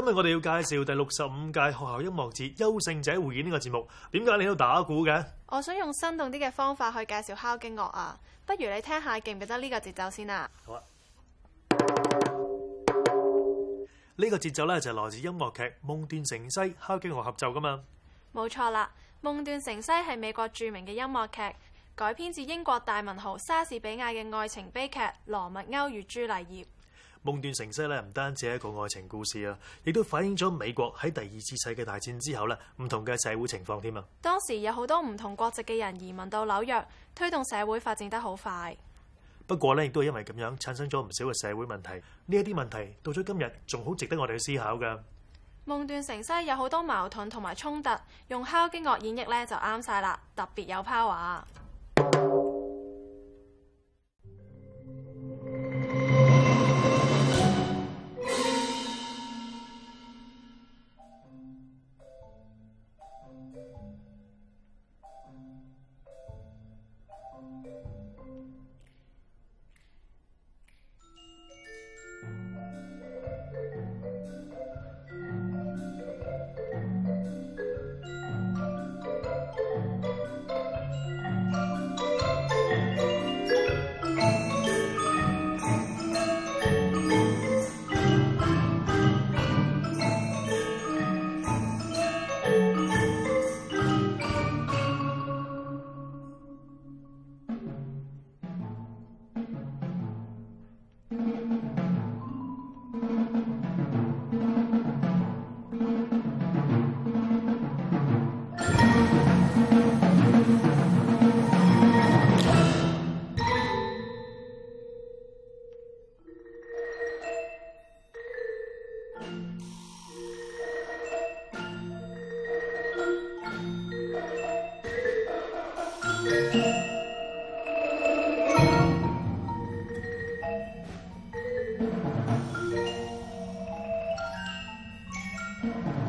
今日我哋要介紹第六十五屆學校音樂節優勝者匯演呢個節目，點解你喺度打鼓嘅？我想用生動啲嘅方法去介紹敲擊樂啊！不如你聽下記唔記得呢個節奏先啊？好啊！個節呢個節奏咧就係，來自音樂劇《夢斷城西》敲擊樂合奏噶嘛。冇錯啦，《夢斷城西》係美國著名嘅音樂劇，改編自英國大文豪莎士比亞嘅愛情悲劇《羅密歐與朱麗葉》。夢斷城西咧，唔單止係一個愛情故事啊，亦都反映咗美國喺第二次世界大戰之後咧，唔同嘅社會情況添啊。當時有好多唔同國籍嘅人移民到紐約，推動社會發展得好快。不過咧，亦都係因為咁樣產生咗唔少嘅社會問題，呢一啲問題到咗今日仲好值得我哋去思考噶。夢斷城西有好多矛盾同埋衝突，用敲擊樂演繹咧就啱晒啦，特別有 power。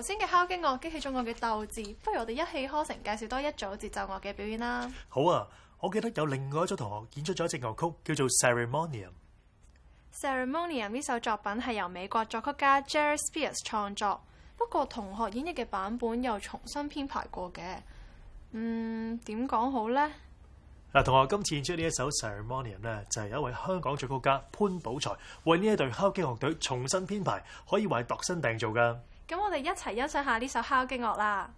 頭先嘅敲擊樂激起咗我嘅鬥志，不如我哋一氣呵成介紹多一組節奏樂嘅表演啦。好啊，我記得有另外一組同學演出咗一隻樂曲，叫做《Ceremonium》。Ceremonium 呢首作品係由美國作曲家 Jerry Spears 創作，不過同學演繹嘅版本又重新編排過嘅。嗯，點講好呢？嗱，同學今次演出呢一首 Ceremonium 呢，就係、是、有一位香港作曲家潘寶才為呢一隊敲擊樂隊重新編排，可以話係度身訂造噶。咁我哋一齊欣賞下呢首敲擊樂啦。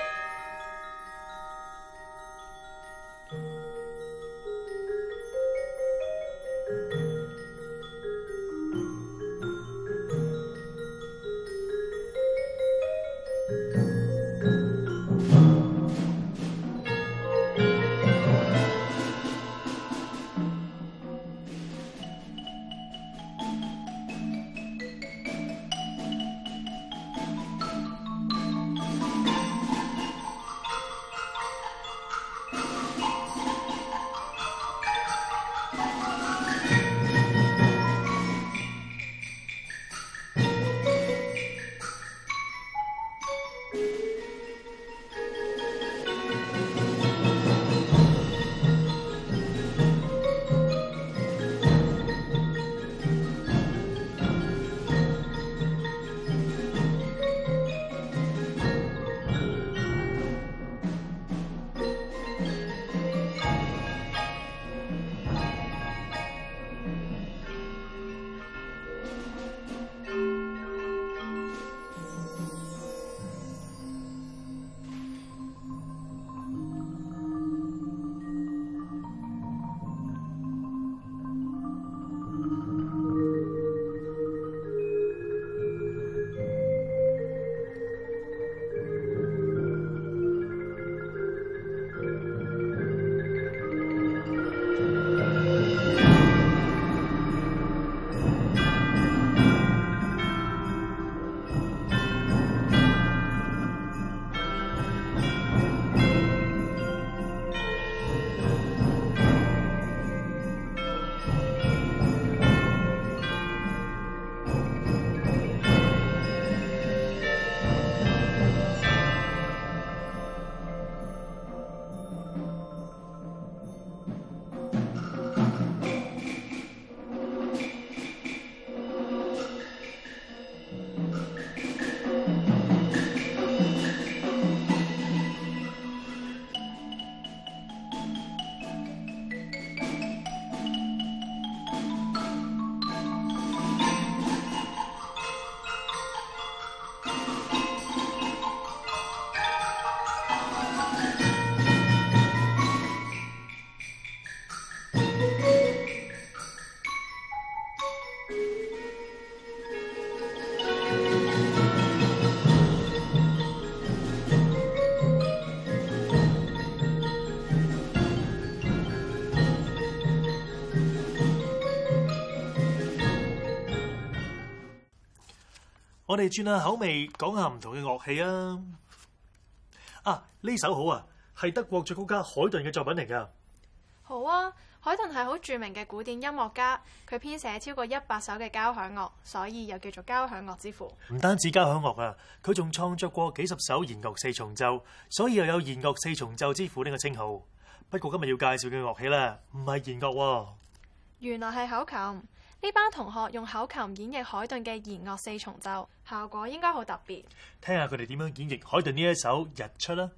我哋轉下口味，講下唔同嘅樂器啊！啊，呢首好啊，係德國作曲家海頓嘅作品嚟噶。好啊，海頓係好著名嘅古典音樂家，佢編寫超過一百首嘅交響樂，所以又叫做交響樂之父。唔單止交響樂啊，佢仲創作過幾十首弦樂四重奏，所以又有弦樂四重奏之父呢個稱號。不過今日要介紹嘅樂器咧，唔係弦樂喎，啊，原來係口琴。呢班同學用口琴演繹海頓嘅弦樂四重奏，效果應該好特別。聽下佢哋點樣演繹海頓呢一首《日出》啦。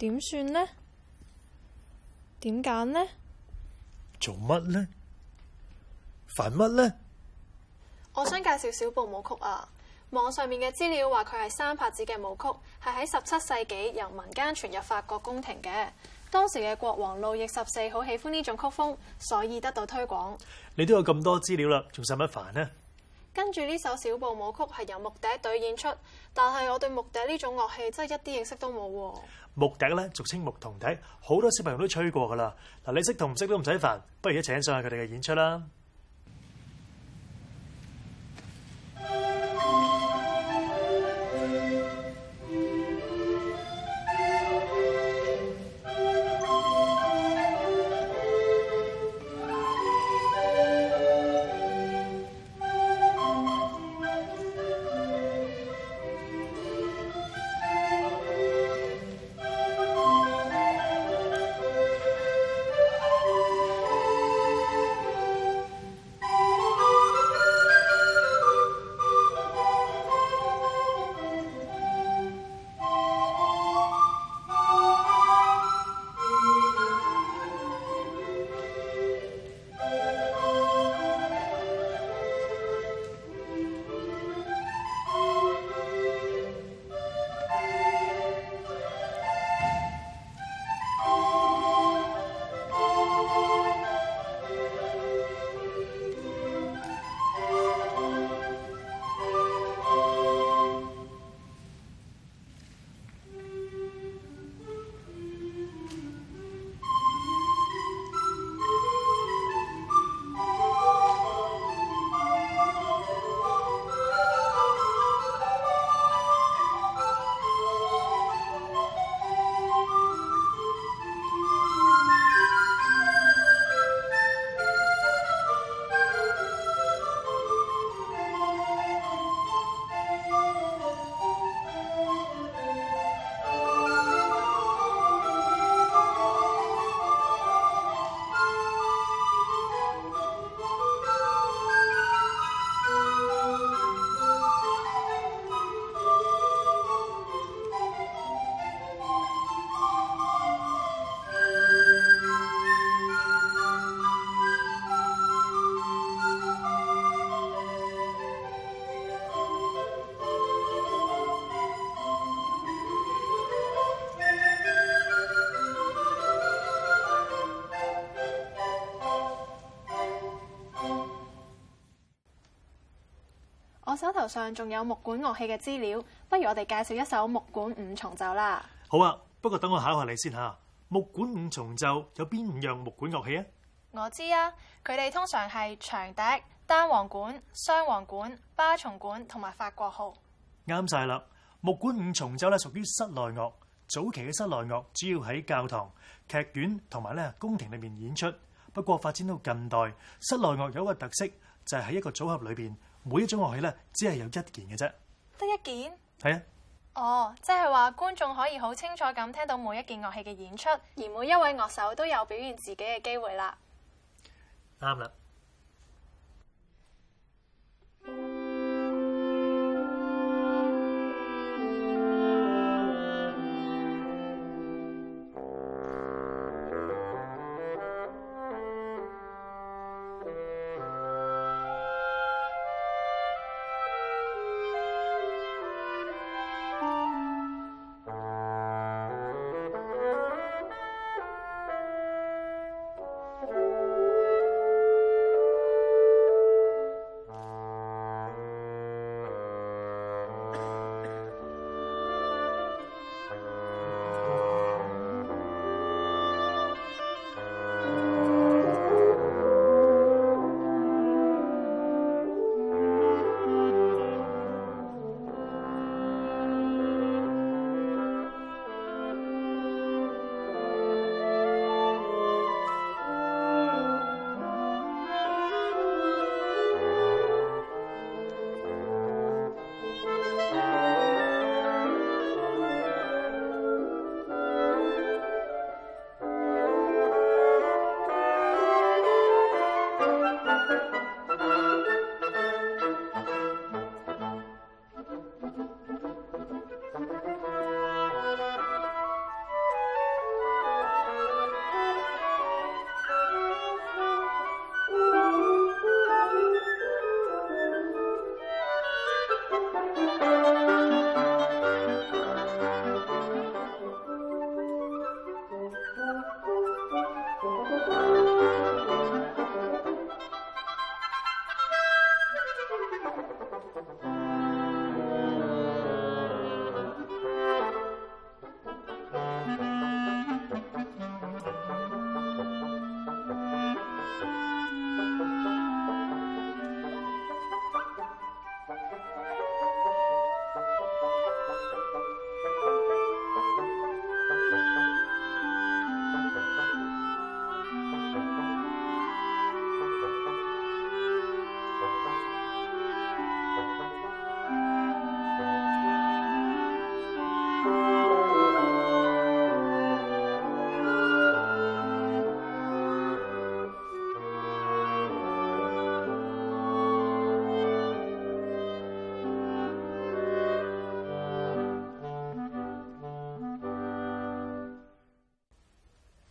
點算呢？點揀呢？做乜呢？煩乜呢？我想介紹小步舞曲啊！網上面嘅資料話佢係三拍子嘅舞曲，係喺十七世紀由民間傳入法國宮廷嘅。當時嘅國王路易十四好喜歡呢種曲風，所以得到推廣。你都有咁多資料啦，仲使乜煩呢？跟住呢首小步舞曲係由木笛隊演出，但係我對木笛呢種樂器真係一啲認識都冇喎。木笛咧，俗稱牧童笛，好多小朋友都吹過噶啦。嗱，你識同唔識都唔使煩，不如一請上下佢哋嘅演出啦。上仲有木管樂器嘅資料，不如我哋介紹一首木管五重奏啦。好啊，不過等我考下你先吓。木管五重奏有邊五樣木管樂器啊？我知啊，佢哋通常係長笛、單簧管、雙簧管、巴鬆管同埋法國號。啱晒啦，木管五重奏咧屬於室內樂。早期嘅室內樂主要喺教堂、劇院同埋咧宮廷裏面演出，不過發展到近代，室內樂有一個特色就係、是、喺一個組合裏邊。每一種樂器咧，只係有一件嘅啫，得一件？係啊！哦，即係話觀眾可以好清楚咁聽到每一件樂器嘅演出，而每一位樂手都有表現自己嘅機會啦。啱啦。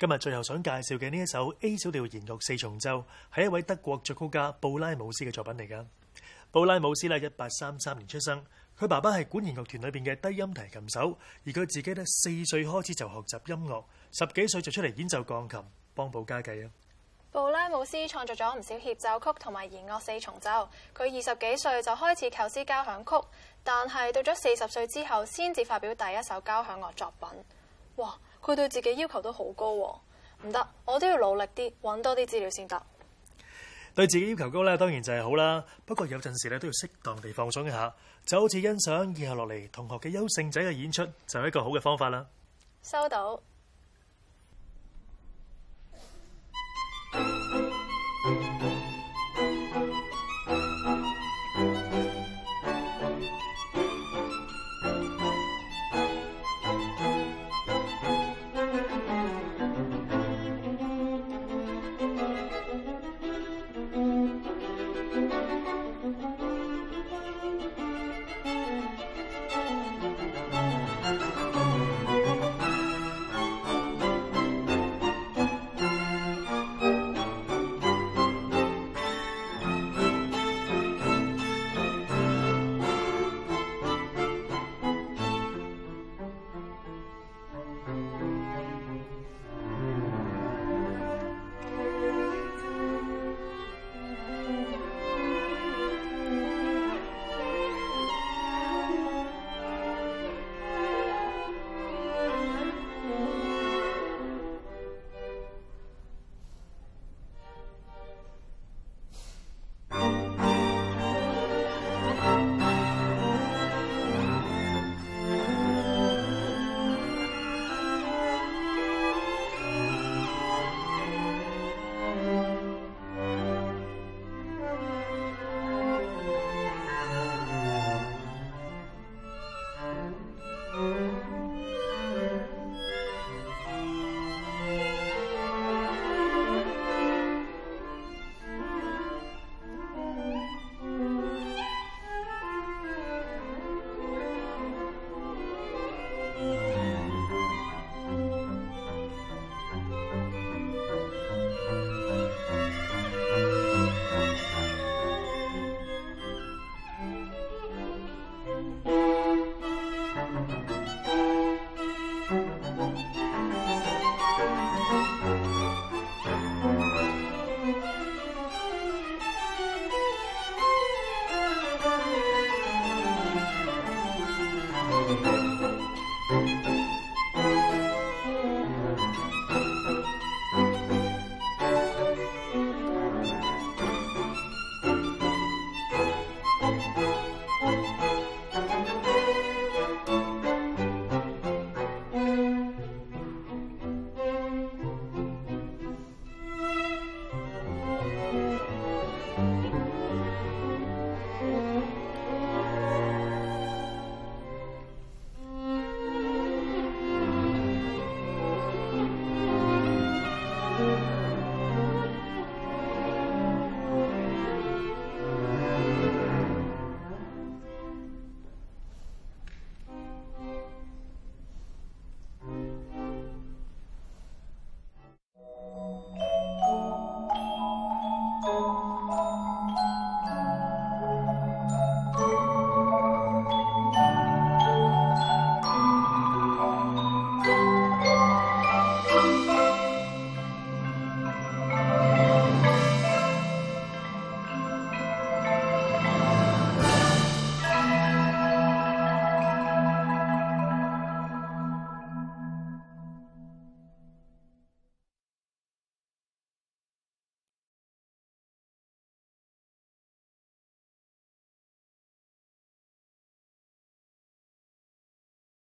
今日最後想介紹嘅呢一首 A 小調弦樂四重奏，係一位德國作曲家布拉姆斯嘅作品嚟㗎。布拉姆斯呢，一八三三年出生，佢爸爸係管弦樂團裏邊嘅低音提琴手，而佢自己呢，四歲開始就學習音樂，十幾歲就出嚟演奏鋼琴，幫補家計啊。布拉姆斯創作咗唔少協奏曲同埋弦樂四重奏，佢二十幾歲就開始構思交響曲，但係到咗四十歲之後先至發表第一首交響樂作品。哇！佢對自己要求都好高喎，唔得，我都要努力啲，搵多啲資料先得。對自己要求高咧，當然就係好啦。不過有陣時咧，都要適當地放鬆一下，就好似欣賞以後落嚟同學嘅優勝仔嘅演出，就係一個好嘅方法啦。收到。